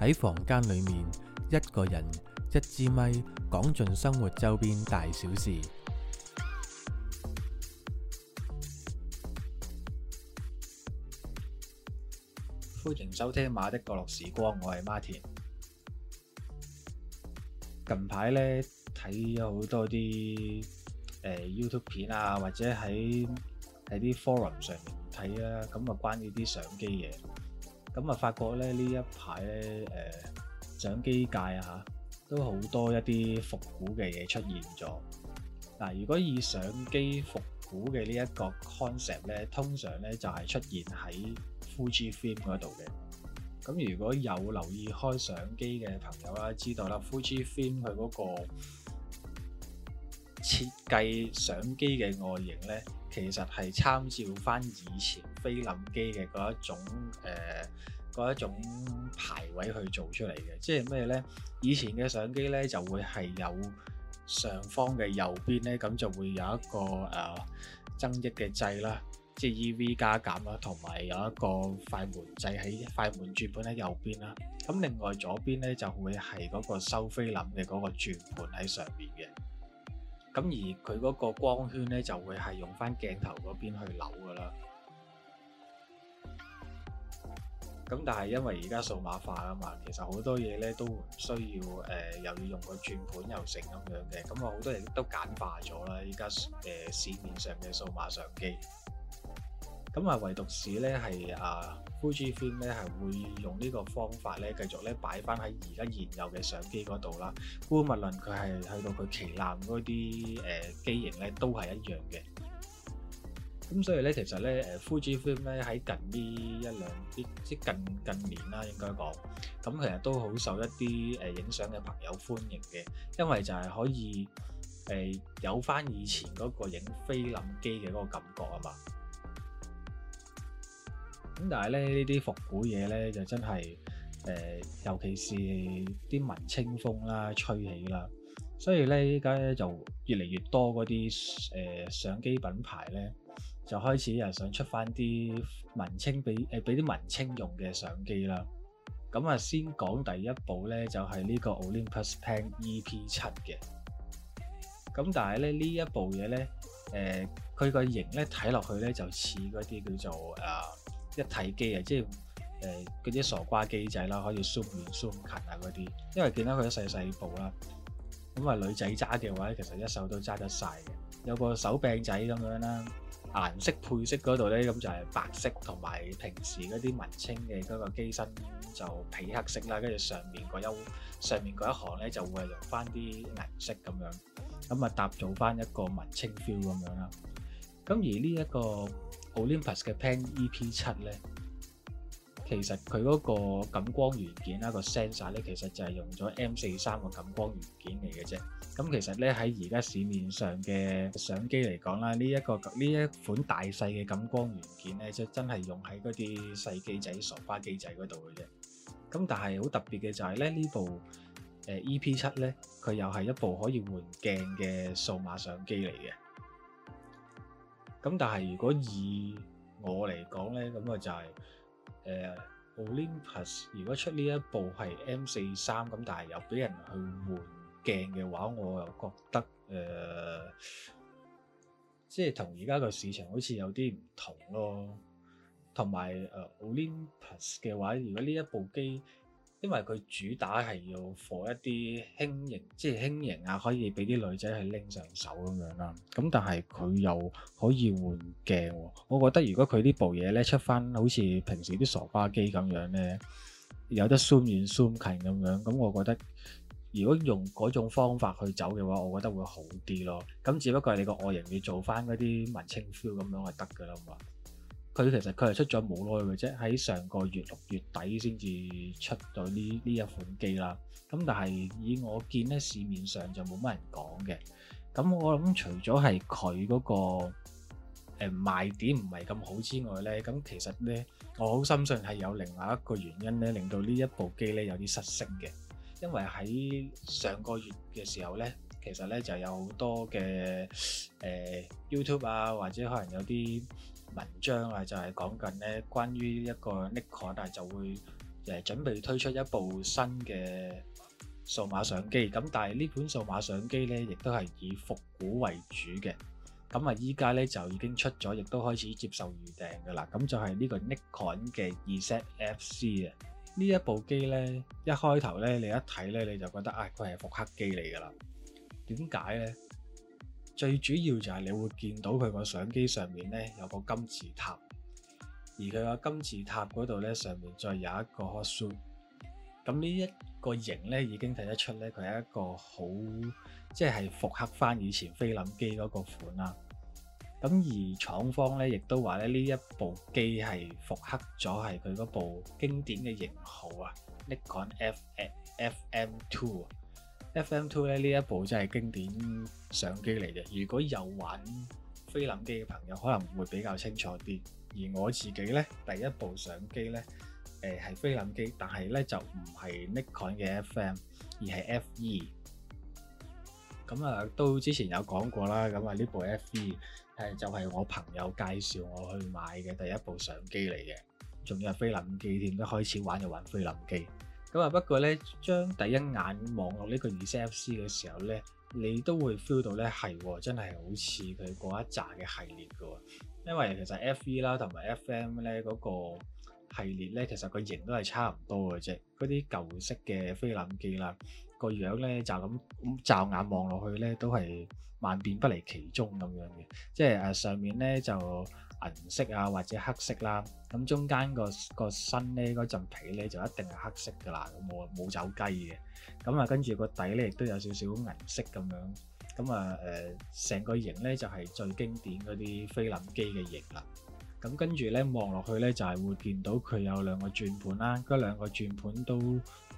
喺房間裏面，一個人一支咪講盡生活周邊大小事。歡迎收聽《馬的角落時光》，我係 Martin。近排咧睇咗好多啲誒 YouTube 片啊，或者喺喺啲 forum 上面睇啊，咁啊關於啲相機嘢。咁啊，發覺咧呢一排咧，誒、呃、相機界啊都好多一啲復古嘅嘢出現咗。但如果以相機復古嘅呢一個 concept 咧，通常咧就係出現喺 Fuji Film 嗰度嘅。咁如果有留意開相機嘅朋友啦，知道啦，Fuji Film 佢嗰個設計相機嘅外形咧。其實係參照翻以前菲林機嘅嗰一種誒，呃、一種排位去做出嚟嘅，即係咩呢？以前嘅相機呢，就會係有上方嘅右邊呢，咁就會有一個誒、呃、增益嘅掣啦，即係 EV 加減啦，同埋有一個快門掣喺快門轉盤喺右邊啦。咁另外左邊呢，就會係嗰個收菲林嘅嗰個轉盤喺上面嘅。咁而佢嗰個光圈咧，就會係用翻鏡頭嗰邊去扭噶啦。咁但係因為而家數碼化啊嘛，其實好多嘢咧都唔需要誒、呃，又要用個轉盤又成咁樣嘅。咁啊，好多嘢都簡化咗啦。依家誒市面上嘅數碼相機。咁啊，唯獨是咧係啊，Fujifilm 咧係會用呢個方法咧，繼續咧擺翻喺而家現有嘅相機嗰度啦。姑勿論佢係去到佢旗艦嗰啲誒機型咧，都係一樣嘅。咁所以咧，其實咧 Fujifilm 咧喺近呢一兩啲即近近年啦，應該講咁其實都好受一啲誒影相嘅朋友歡迎嘅，因為就係可以誒有翻以前嗰個影菲林機嘅嗰個感覺啊嘛～咁但係咧，呢啲復古嘢咧就真係誒、呃，尤其是啲文青風啦、啊，吹起啦，所以咧依家就越嚟越多嗰啲誒相機品牌咧就開始又想出翻啲文青俾誒俾啲文青用嘅相機啦。咁啊，先講第一部咧就係、是、呢個 Olympus Pen E-P7 嘅。咁但係咧呢一部嘢咧，誒佢個型咧睇落去咧就似嗰啲叫做啊～一體機啊，即係誒嗰啲傻瓜機仔啦，可以縮遠縮近啊嗰啲，因為見到佢啲細細部啦，咁、嗯、啊女仔揸嘅話咧，其實一手都揸得晒嘅。有個手柄仔咁樣啦，顏色配色嗰度咧，咁、嗯、就係、是、白色同埋平時嗰啲文青嘅嗰個機身就皮黑色啦，跟住上面嗰一上面一行咧，就會用翻啲銀色咁樣，咁、嗯、啊搭造翻一個文青 feel 咁樣啦。咁而呢、這、一個。Olympus 嘅 PEN EP 七咧，其實佢嗰個感光元件啦，個 sensor 咧，其實就係用咗 M 四三個感光元件嚟嘅啫。咁其實咧，喺而家市面上嘅相機嚟講啦，呢一個呢一款大細嘅感光元件咧，即係真係用喺嗰啲細機仔、傻瓜機仔嗰度嘅啫。咁但係好特別嘅就係咧，呢部誒 EP 七咧，佢又係一部可以換鏡嘅數碼相機嚟嘅。咁但係如果以我嚟講呢，咁啊就係、是呃、Olympus 如果出呢一部係 M 四三咁，但係又俾人去換鏡嘅話，我又覺得誒、呃，即係同而家個市場好似有啲唔同咯。同埋、呃、Olympus 嘅話，如果呢一部機，因為佢主打係要貨一啲輕型，即係輕型啊，可以俾啲女仔去拎上手咁樣啦。咁但係佢又可以換鏡。我覺得如果佢呢部嘢咧出翻，好似平時啲傻瓜機咁樣咧，有得鬆遠鬆近咁樣，咁我覺得如果用嗰種方法去走嘅話，我覺得會好啲咯。咁只不過係你個外形要做翻嗰啲文青 feel 咁樣係得噶啦嘛。佢其實佢係出咗冇耐嘅啫，喺上個月六月底先至出到呢呢一款機啦。咁但係以我見咧，市面上就冇乜人講嘅。咁我諗除咗係佢嗰個誒、呃、賣點唔係咁好之外咧，咁其實咧我好深信係有另外一個原因咧，令到呢一部機咧有啲失聲嘅。因為喺上個月嘅時候咧，其實咧就有好多嘅誒、呃、YouTube 啊，或者可能有啲。文章啊，就係講緊咧，關於一個 Nikon 啊，就會誒準備推出一部新嘅數碼相機。咁但係呢款數碼相機咧，亦都係以復古為主嘅。咁啊，依家咧就已經出咗，亦都開始接受預訂㗎啦。咁就係呢個 Nikon 嘅 Zfc 啊。呢一部機咧，一開頭咧，你一睇咧，你就覺得啊，佢係復刻機嚟㗎啦，點解咧？最主要就係你會見到佢個相機上面咧，有個金字塔，而佢個金字塔嗰度咧，上面再有一個 hot shoe，咁呢一個型咧已經睇得出咧佢係一個好即係復刻翻以前菲林機嗰個款啦。咁而廠方咧亦都話咧呢一部機係復刻咗係佢嗰部經典嘅型號啊，尼康 F FM Two。F F FM Two 咧呢一部真係經典相機嚟嘅。如果有玩菲林機嘅朋友，可能會比較清楚啲。而我自己咧第一部相機咧，誒、呃、係菲林機，但係咧就唔係 Nikon 嘅 FM，而係 F E。咁、嗯、啊、呃，都之前有講過啦。咁、嗯、啊，呢部 F E 係、呃、就係、是、我朋友介紹我去買嘅第一部相機嚟嘅。仲要係菲林機添，一開始玩就玩菲林機。咁啊，不過咧，將第一眼望落呢個 Zfc 嘅時候咧，你都會 feel 到咧係喎，真係好似佢嗰一紮嘅系列嘅喎。因為其實 FE 啦同埋 FM 咧嗰個系列咧，其實個型都係差唔多嘅啫。嗰啲舊式嘅菲林機啦，個樣咧就咁，驟眼望落去咧都係萬變不離其中咁樣嘅，即係誒上面咧就。銀色啊，或者黑色啦，咁中間個、那個身咧嗰陣皮咧就一定係黑色噶啦，冇冇走雞嘅。咁啊，跟住個底咧亦都有少少銀色咁樣，咁啊誒，成、呃、個型咧就係、是、最經典嗰啲菲林機嘅型啦。咁跟住咧望落去咧就係、是、會見到佢有兩個轉盤啦，嗰兩個轉盤都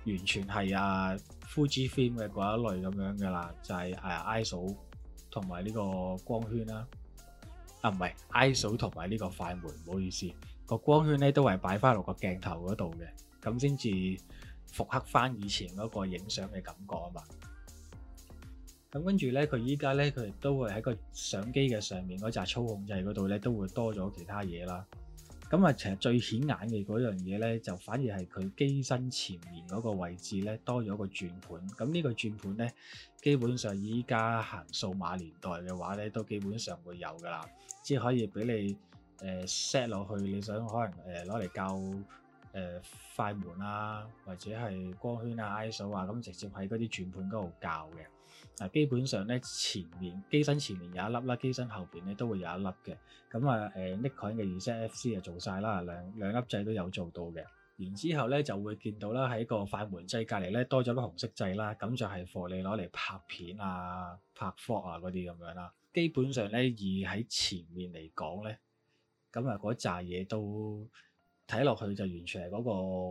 完全係啊 Fujifilm 嘅嗰一類咁樣噶啦，就係、是、誒 ISO 同埋呢個光圈啦。啊，唔係，ISO 同埋呢個快門，唔好意思，個光圈咧都係擺翻落個鏡頭嗰度嘅，咁先至復刻翻以前嗰個影相嘅感覺啊嘛。咁跟住咧，佢依家咧佢都會喺個相機嘅上面嗰隻操控掣嗰度咧都會多咗其他嘢啦。咁啊，其實最顯眼嘅嗰樣嘢咧，就反而係佢機身前面嗰個位置咧，多咗一個轉盤。咁呢個轉盤咧，基本上依家行數碼年代嘅話咧，都基本上會有㗎啦。即係可以俾你誒 set 落去，你想可能誒攞嚟校誒、呃、快門啊，或者係光圈啊、ISO 啊，咁直接喺嗰啲轉盤嗰度校嘅。基本上咧，前面機身前面有一粒啦，機身後邊咧都會有一粒嘅。咁啊，誒，Nikon 嘅 Zfc 就做晒啦，兩兩粒掣都有做到嘅。然之後咧就會見到啦，喺個快門掣隔離咧多咗粒紅色掣啦，咁就係霍你攞嚟拍片啊、拍 f 啊嗰啲咁樣啦。基本上咧，以喺前面嚟講咧，咁啊嗰扎嘢都睇落去就完全係嗰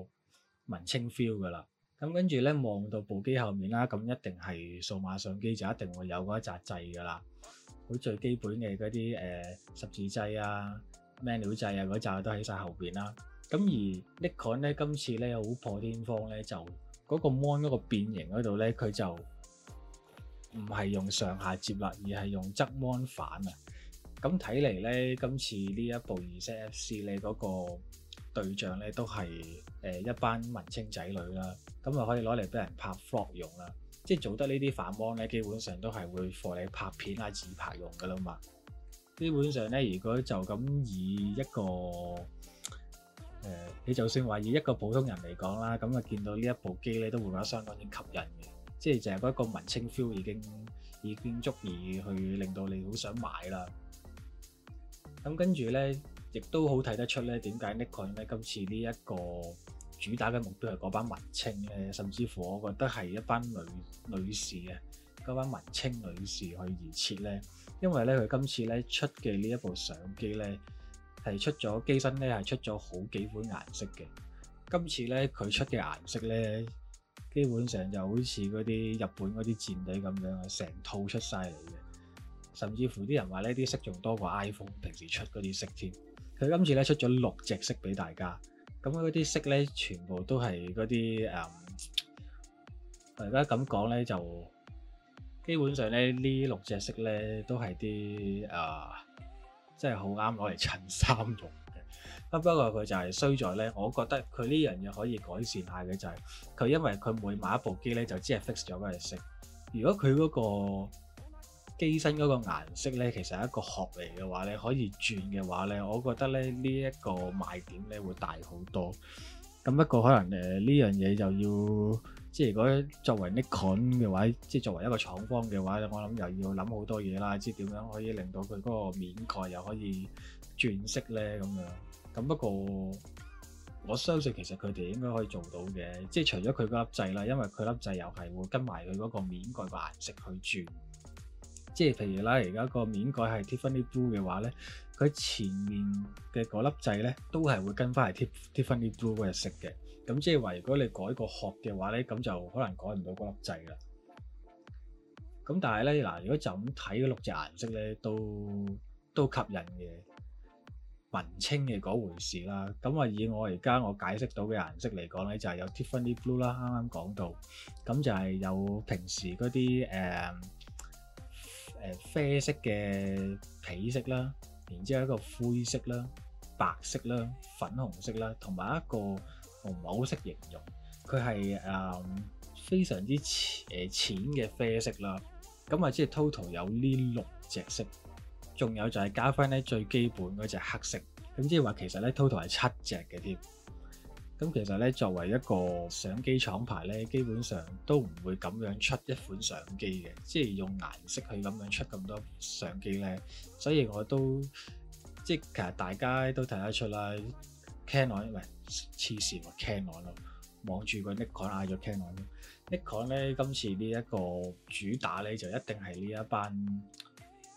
個文青 feel 噶啦。咁跟住咧望到部機後面啦，咁一定係數碼相機就一定會有嗰一紮掣噶啦，嗰最基本嘅嗰啲誒十字掣啊、menu 掣啊嗰紮都喺曬後邊啦。咁而 Nikon 咧今次咧好破天荒咧，就嗰個 mon 嗰個變形嗰度咧，佢就唔係用上下接啦，而係用側 mon 反啊。咁睇嚟咧，今次呢一部 Zfc 咧嗰個。對象咧都係誒、呃、一班文青仔女啦，咁啊可以攞嚟俾人拍 vlog 用啦，即係做得呢啲反光咧，基本上都係會 for 你拍片啊、自拍用噶啦嘛。基本上咧，如果就咁以一個誒、呃，你就算話以一個普通人嚟講啦，咁啊見到呢一部機咧，都會覺得相當之吸引嘅，即係就係嗰個文青 feel 已經已經足以去令到你好想買啦。咁跟住咧。亦都好睇得出咧，點解 Nikon 咧，今次呢一個主打嘅目標係嗰班文青咧，甚至乎我覺得係一班女女士嘅嗰班文青女士去而設咧，因為咧佢今次咧出嘅呢一部相機咧，係出咗機身咧係出咗好幾款顏色嘅。今次咧佢出嘅顏色咧，基本上就好似嗰啲日本嗰啲戰隊咁樣，成套出晒嚟嘅。甚至乎啲人話呢啲色仲多過 iPhone 平時出嗰啲色添。佢今次咧出咗六隻色俾大家，咁嗰啲色咧全部都係嗰啲誒，我而家咁講咧就基本上咧呢六隻色咧都係啲誒，即係好啱攞嚟襯衫用嘅。不不過佢就係、是、衰在咧，我覺得佢呢樣嘢可以改善下嘅就係佢因為佢每買一部機咧就只係 fix 咗個色，如果佢嗰、那個。機身嗰個顏色咧，其實係一個殼嚟嘅話咧，可以轉嘅話咧，我覺得咧呢一個賣點咧會大好多。咁不過可能誒呢樣嘢就要即係如果作為 Nikon 嘅話，即係作為一個廠方嘅話，我諗又要諗好多嘢啦。即係點樣可以令到佢嗰個面蓋又可以轉色咧？咁樣，咁不過我相信其實佢哋應該可以做到嘅。即係除咗佢嗰粒掣啦，因為佢粒掣又係會跟埋佢嗰個面蓋個顏色去轉。即係譬如啦，而家個面改係 Tiffany Blue 嘅話咧，佢前面嘅嗰粒掣咧都係會跟翻係 Tiffany Blue 嗰個色嘅。咁即係話，如果你改個殼嘅話咧，咁就可能改唔到嗰粒掣啦。咁但係咧嗱，如果就咁睇六隻顏色咧，都都吸引嘅，文青嘅嗰回事啦。咁話以我而家我解釋到嘅顏色嚟講咧，就係有 Tiffany Blue 啦，啱啱講到，咁就係有平時嗰啲誒。嗯誒，啡色嘅皮色啦，然之後一個灰色啦、白色啦、粉紅色啦，同埋一個唔係好識形容，佢係誒非常之淺誒淺嘅啡色啦。咁啊，即係 total 有呢六隻色，仲有就係加翻咧最基本嗰隻黑色。咁即係話，其實咧 total 係七隻嘅添。咁其實咧，作為一個相機廠牌咧，基本上都唔會咁樣出一款相機嘅，即係用顏色去咁樣出咁多相機咧。所以我都即係其實大家都睇得出啦，Canon 唔係黐線喎，Canon 咯，望住個 Nikon 嗌咗 Canon，Nikon 咧今次呢一個主打咧就一定係呢一班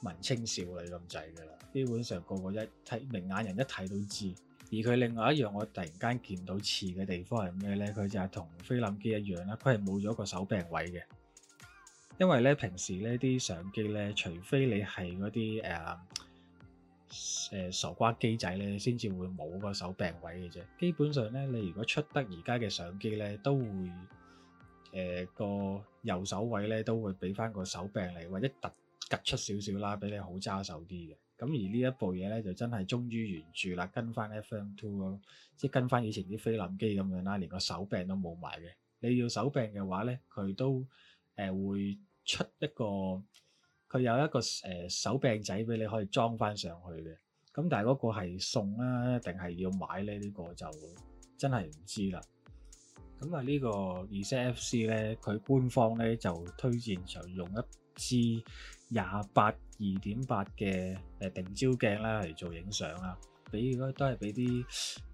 文青少女咁滯㗎啦，基本上個個一睇明眼人一睇都知。而佢另外一樣，我突然間見到似嘅地方係咩呢？佢就係同菲林機一樣啦，佢係冇咗個手柄位嘅。因為咧，平時呢啲相機咧，除非你係嗰啲誒誒傻瓜機仔咧，先至會冇個手柄位嘅啫。基本上咧，你如果出得而家嘅相機咧，都會誒個、呃、右手位咧，都會俾翻個手柄嚟，或者突突出少少啦，俾你好揸手啲嘅。咁而呢一部嘢咧就真係終於完住啦，跟翻 FM Two 咯，即係跟翻以前啲菲林機咁樣啦，連個手柄都冇埋嘅。你要手柄嘅話咧，佢都誒會出一個，佢有一個誒手柄仔俾你可以裝翻上去嘅。咁但係嗰個係送啊，定係要買咧？呢個就真係唔知啦。咁啊，呢個 Zfc 咧，佢官方咧就推薦常用一支廿八二點八嘅誒定焦鏡啦，嚟做影相啦。俾如果都係俾啲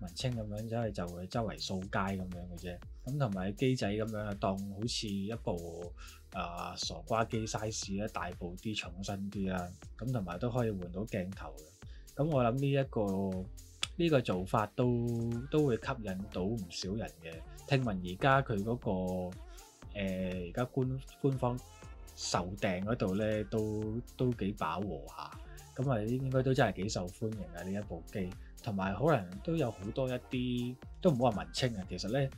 文青咁樣走去就會周圍掃街咁樣嘅啫。咁同埋機仔咁樣當好似一部啊傻瓜機 size 咧，大部啲，重身啲啦。咁同埋都可以換到鏡頭嘅。咁我諗呢一個呢個做法都都會吸引到唔少人嘅。聽聞而家佢嗰個誒而家官官方。售訂嗰度咧都都幾飽和下，咁啊應該都真係幾受歡迎啊呢一部機，同埋可能都有好多一啲都唔好話文青啊，其實咧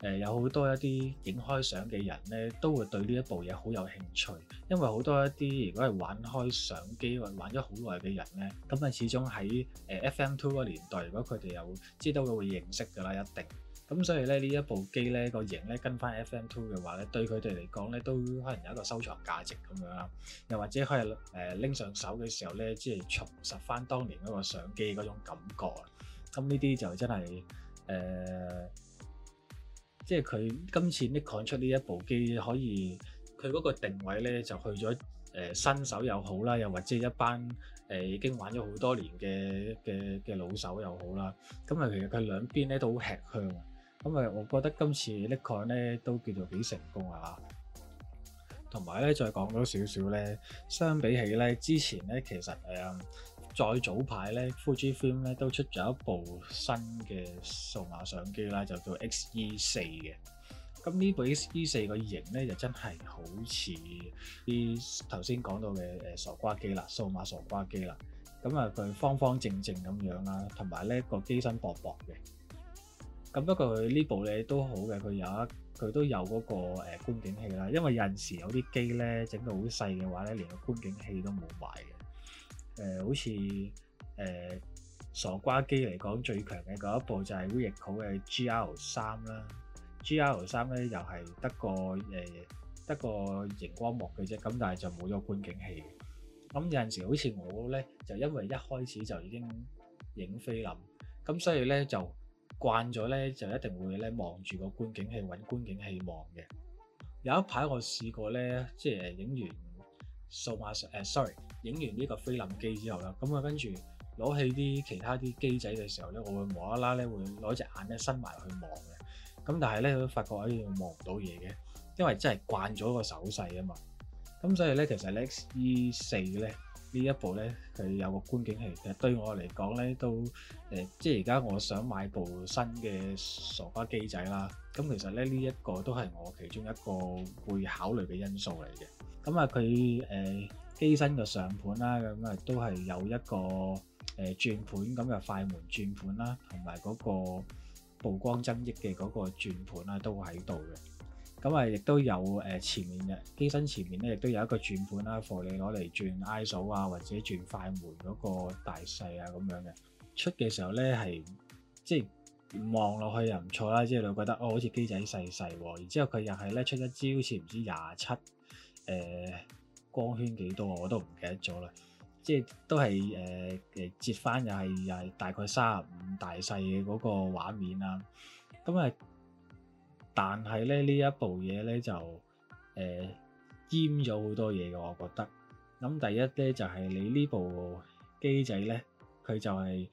誒有好多一啲影開相嘅人咧都會對呢一部嘢好有興趣，因為好多一啲如果係玩開相機或玩咗好耐嘅人咧，咁啊始終喺誒 FM2 嗰年代，如果佢哋有知道，佢會會認識㗎啦，一定。咁所以咧呢一部機咧個型咧跟翻 FM2 嘅話咧，對佢哋嚟講咧都可能有一個收藏價值咁樣啦，又或者係誒拎上手嘅時候咧，即係重拾翻當年嗰個相機嗰種感覺啊！咁呢啲就真係誒，即係佢今次 Nikon 出呢一部機，可以佢嗰個定位咧就去咗誒、呃、新手又好啦，又或者一班誒、呃、已經玩咗好多年嘅嘅嘅老手又好啦，咁、嗯、啊其實佢兩邊咧都好吃香。咁啊，我覺得今次呢個咧都叫做幾成功啊！同埋咧，再講多少少咧，相比起咧，之前咧，其實誒，再、呃、早排咧，Fujifilm 咧都出咗一部新嘅數碼相機啦，就叫 X E 四嘅。咁呢部 X E 四個型咧，就真係好似啲頭先講到嘅誒傻瓜機啦，數碼傻瓜機啦。咁啊，佢方方正正咁樣啦，同埋咧個機身薄薄嘅。咁不過佢呢部咧都好嘅，佢有一佢都有嗰個誒觀景器啦。因為有陣時有啲機咧整到好細嘅話咧，連個觀景器都冇埋嘅。誒、呃，好似誒、呃、傻瓜機嚟講最強嘅嗰一部就係 Ricoh 嘅 GR 三啦。GR 三咧又係得個誒得、呃、個熒光幕嘅啫，咁但係就冇咗觀景器。咁有陣時好似我咧就因為一開始就已經影菲林，咁所以咧就。慣咗咧，就一定會咧望住個觀景器，揾觀景器望嘅。有一排我試過咧，即係影完數碼相誒，sorry，影完呢個菲林機之後啦，咁啊跟住攞起啲其他啲機仔嘅時候咧，我會無啦啦咧會攞隻眼咧伸埋去望嘅。咁但係咧，佢都發覺喺度望唔到嘢嘅，因為真係慣咗個手勢啊嘛。咁所以咧，其實呢 X E 四咧。呢一部咧，佢有個觀景器，其實對我嚟講咧，都誒、呃、即係而家我想買部新嘅傻瓜機仔啦。咁、嗯、其實咧，呢一個都係我其中一個會考慮嘅因素嚟嘅。咁、嗯、啊，佢誒、呃、機身嘅上盤啦，咁、嗯、啊都係有一個誒、呃、轉盤咁嘅快門轉盤啦，同埋嗰個曝光增益嘅嗰個轉盤啦，都喺度嘅。咁啊，亦都有誒前面嘅機身前面咧，亦都有一個轉盤啦，俾你攞嚟轉 ISO 啊，或者轉快門嗰個大細啊咁樣嘅。出嘅時候咧，係即係望落去又唔錯啦，之後又覺得哦，好似機仔細細喎。然之後佢又係咧出一支、呃，好似唔知廿七誒光圈幾多，我都唔記得咗啦。即係都係誒誒折翻又係又係大概卅五大細嘅嗰個畫面啦。咁啊～但係咧呢一部嘢咧就誒閹咗好多嘢㗎，我覺得。咁第一咧就係、是、你呢部機仔咧，佢就係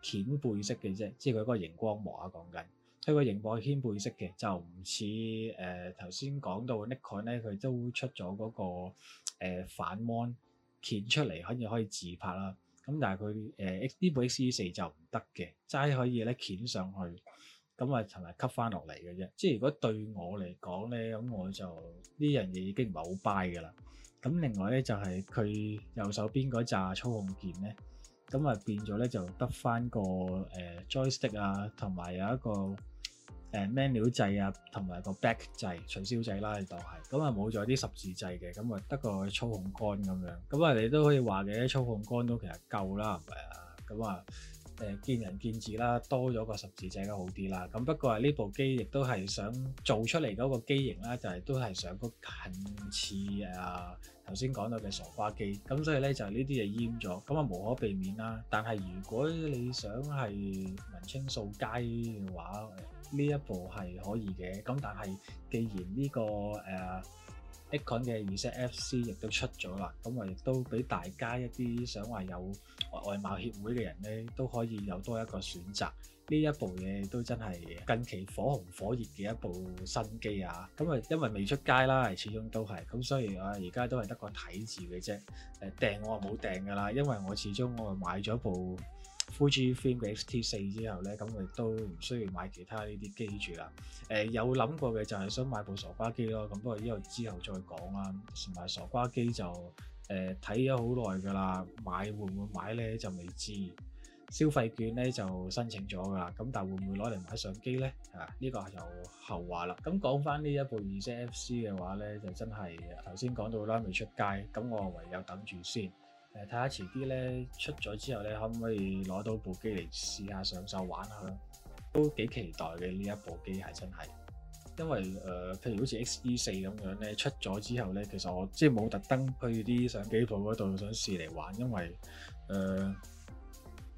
掀背式嘅啫，即係佢嗰個熒光幕啊講緊。佢個熒幕係掀背式嘅，就唔似誒頭先講到 Nikon 咧，佢都出咗嗰、那個、呃、反芒掀出嚟，可以可以自拍啦。咁但係佢誒呢部 XE 四就唔得嘅，齋可以咧掀上去。咁啊，尋日吸翻落嚟嘅啫。即係如果對我嚟講咧，咁我就呢樣嘢已經唔係好 buy 嘅啦。咁另外咧就係佢右手邊嗰揸操控鍵咧，咁啊變咗咧就得翻個誒 joystick 啊，同埋有一個誒 manual 掣啊，同埋個、呃啊、個 back 掣取消掣啦，你當就係咁啊冇咗啲十字掣嘅，咁啊得個操控杆咁樣。咁啊你都可以話嘅，操控杆都其實夠啦，係咪啊？咁啊～誒見仁見智啦，多咗個十字仔都好啲啦。咁不過係呢部機亦都係想做出嚟嗰個機型啦，就係都係想個近似誒頭先講到嘅傻瓜機。咁所以咧就呢啲嘢閹咗，咁啊無可避免啦。但係如果你想係文青掃街嘅話，呢一部係可以嘅。咁但係既然呢、呢個誒，啊 Nikon 款嘅 Zfc 亦都出咗啦，咁我亦都俾大家一啲想話有外貌協會嘅人咧，都可以有多一個選擇。呢一部嘢都真係近期火紅火熱嘅一部新機啊！咁啊，因為未出街啦，係始終都係咁，所以啊，而家都係得個睇字嘅啫。誒，訂我話冇訂㗎啦，因為我始終我買咗部。Fujifilm 嘅 XT4 之後咧，咁我亦都唔需要買其他呢啲機住啦。誒、呃、有諗過嘅就係想買部傻瓜機咯，咁不過呢度之後再講啦。唔係傻瓜機就誒睇咗好耐㗎啦，買會唔會買咧就未知。消費券咧就申請咗㗎啦，咁但會唔會攞嚟買相機咧？啊呢、呢個就後話啦。咁講翻呢一部 Zfc 嘅話咧，就真係頭先講到啦，未出街，咁我唯有等住先。誒睇下遲啲咧出咗之後咧，可唔可以攞到部機嚟試下上手玩下？都幾期待嘅呢一部機係真係。因為誒、呃，譬如好似 XE 四咁樣咧，出咗之後咧，其實我即係冇特登去啲相機鋪嗰度想試嚟玩，因為誒、呃、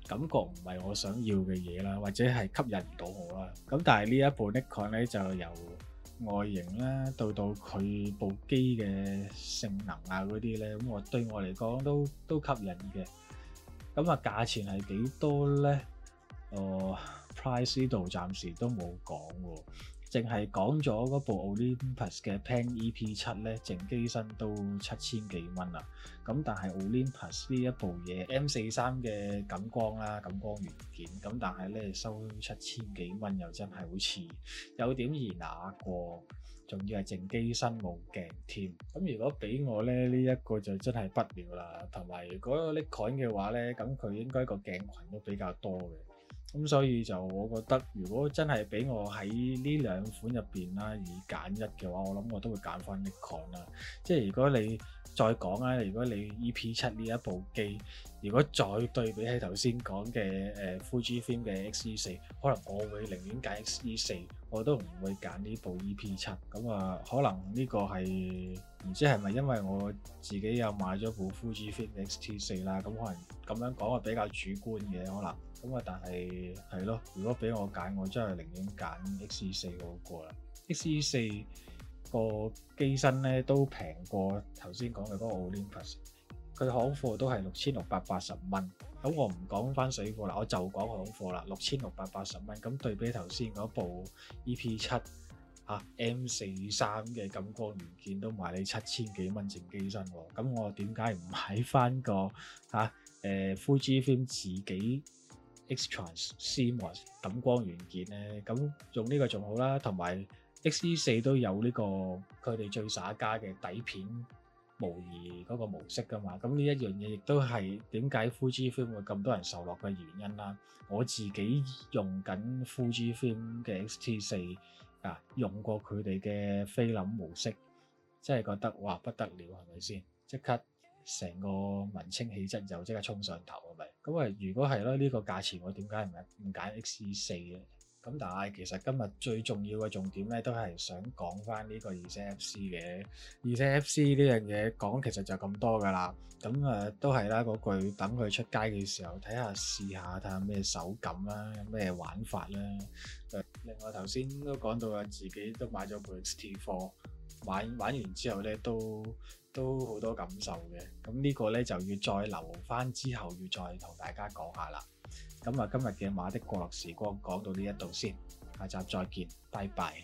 感覺唔係我想要嘅嘢啦，或者係吸引唔到我啦。咁但係呢一部 Nikon 咧就由，外形啦，到到佢部機嘅性能啊，嗰啲咧，咁我對我嚟講都都吸引嘅。咁啊，價錢係幾多咧？哦，Price 呢度暫時都冇講喎。淨係講咗嗰部 Olympus 嘅 PEN E-P7 咧，淨機身都七千幾蚊啦。咁但係 Olympus 呢一部嘢 M 四三嘅感光啦，感光元件，咁但係咧收七千幾蚊又真係好似有點兒那過，仲要係淨機身冇鏡添。咁如果俾我咧呢一個就真係不了啦。同埋如果搦 Nikon 嘅話咧，咁佢應該個鏡群都比較多嘅。咁所以就我覺得，如果真係俾我喺呢兩款入邊啦，以揀一嘅話，我諗我都會揀翻 Nikon 啦。即係如果你再講啊，如果你 E P 七呢一部機。如果再對比起頭先講嘅誒富士 film 嘅 XE 四，可能我會寧願揀 XE 四，我都唔會揀呢部 EP 七。咁啊，可能呢個係唔知係咪因為我自己又買咗部富士 film XT 四啦。咁可能咁樣講係比較主觀嘅，可能。咁啊，但係係咯，如果俾我揀，我真係寧願揀 XE 四嗰個啦。XE 四個機身咧都平過頭先講嘅嗰個 Olympus。佢行貨都係六千六百八十蚊，咁我唔講翻水貨啦，我就講行貨啦，六千六百八十蚊。咁對比頭先嗰部 E P 七吓 M 四三嘅感光元件都賣你七千幾蚊淨機身喎，咁我點解唔買翻個吓誒 Fujifilm 自己 X-Trans CMOS 嘅感光元件咧？咁用呢個仲好啦，同埋 X-E4 都有呢、呢個佢哋最耍家嘅底片。模擬嗰個模式㗎嘛，咁呢一樣嘢亦都係點解富士 film 會咁多人受落嘅原因啦。我自己用緊富士 film 嘅 X T 四啊，用過佢哋嘅菲林模式，即係覺得哇不得了，係咪先？即刻成個文青氣質就即刻衝上頭，係咪？咁啊，如果係咯，呢個價錢我點解唔唔揀 X 四嘅？咁但係其實今日最重要嘅重點咧，都係想講翻呢個 Zfc 嘅 Zfc 呢樣嘢講其實就咁多噶啦。咁誒都係啦，嗰句等佢出街嘅時候睇下試下睇下咩手感啦，咩玩法啦。誒，另外頭先都講到啊，自己都買咗部 X-T4，玩玩完之後咧都都好多感受嘅。咁呢個咧就要再留翻之後要再同大家講下啦。咁啊，今日嘅馬的角落時光講到呢一度先，下集再見，拜拜。